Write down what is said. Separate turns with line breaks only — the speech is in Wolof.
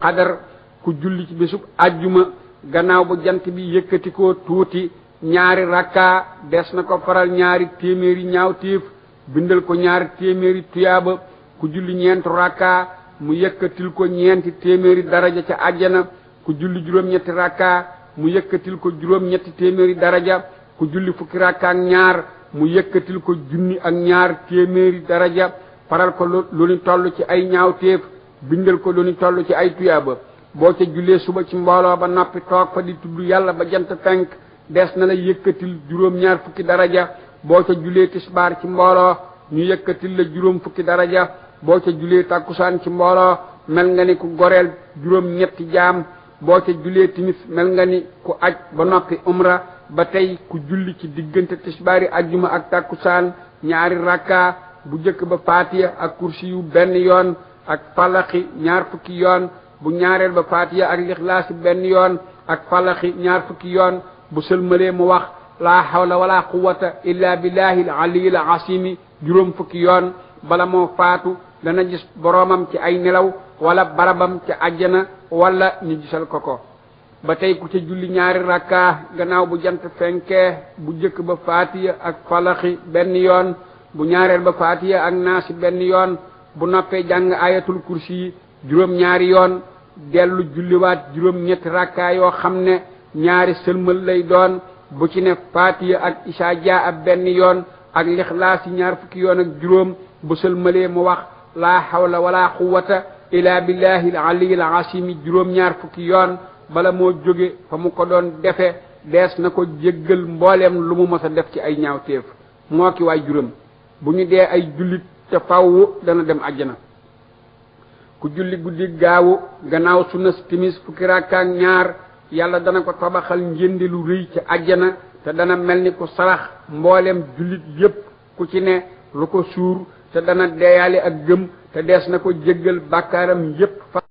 xadar ku julli ci bésub ajjuma gannaaw bu jant bi yëkkatikoo tuuti ñaari rakka des na ko faral ñaari téeméeri ñaaw bindal ko ñaari téeméeri tuyaaba ku julli ñeentu rakka mu yëkkatil ko ñeenti téeméeri daraja ca àjjana ku julli juróom-ñetti rakka mu yëkkatil ko juróom-ñetti téeméeri daraja ku julli fukki rakka ak ñaar mu yëkkatil ko junni ak ñaar téeméeri daraja faral ko lu ni toll ci ay ñaaw téef bindal ko lu ni toll ci ay tuyaaba boo ca julee suba ci mbooloo ba noppi toog fa di tudd yàlla ba jant fenk des na la yëkkatil juróom-ñaar fukki daraja boo ca julee tisbaar ci mbooloo ñu yëkkatil la juróom fukki daraja boo ca julee takkusaan ci mbooloo mel nga ni ku goreel juróom-ñetti jaam boo ca julee timis mel nga ni ku aj ba noppi umra ba tey ku julli ci diggante tisbaari ajjuma ak takkusaan ñaari rakka bu jëkk ba faatiya ak kursi yu benn yoon ak falaxi ñaar fukki yoon bu ñaareel ba faatiya ak lixlaasi benn yoon ak falaxi ñaar fukki yoon bu sëlmalee mu wax laa hawla wala quwata illa billahi al aliyil asimi juróom fukki yoon bala moo faatu dana gis boroomam ci ay nelaw wala barabam ci àjjana wala ñu gisal ko ko ba tey ku ci julli ñaari rakka gannaaw bu jant fenkee bu jëkk ba faatiya ak falaxi benn yoon bu ñaareel ba faatiya ak naasi benn yoon bu nappee jàng ayatul kursi yi juróom-ñaari yoon dellu julliwaat juróom-ñetti rakkaa yoo xam ne ñaari sëlmal lay doon bu ci ne faatiya ak isaa jaa ab benn yoon ak lixlaas yi ñaar fukki yoon ak juróom bu sëlmalee mu wax laa xawla wala quwata ila billahi aliyil asimi juróom-ñaar fukki yoon bala moo jóge fa mu ko doon defe dees na ko jéggal mbooleem lu mu mës a def ci ay ñaawteef moo ki waay juróom bu ñu dee ay jullit te faww dana dem àjjana ku julli guddi gaawu gannaaw sunna timis fukki ñaar yàlla dana ko tabaxal njëndi lu rëy ci àjjana te dana mel ni ku sarax mboolem jullit yépp ku ci ne lu ko suur te dana deeyaale ak gëm te dees na ko jéggal bàkkaaram yépp fa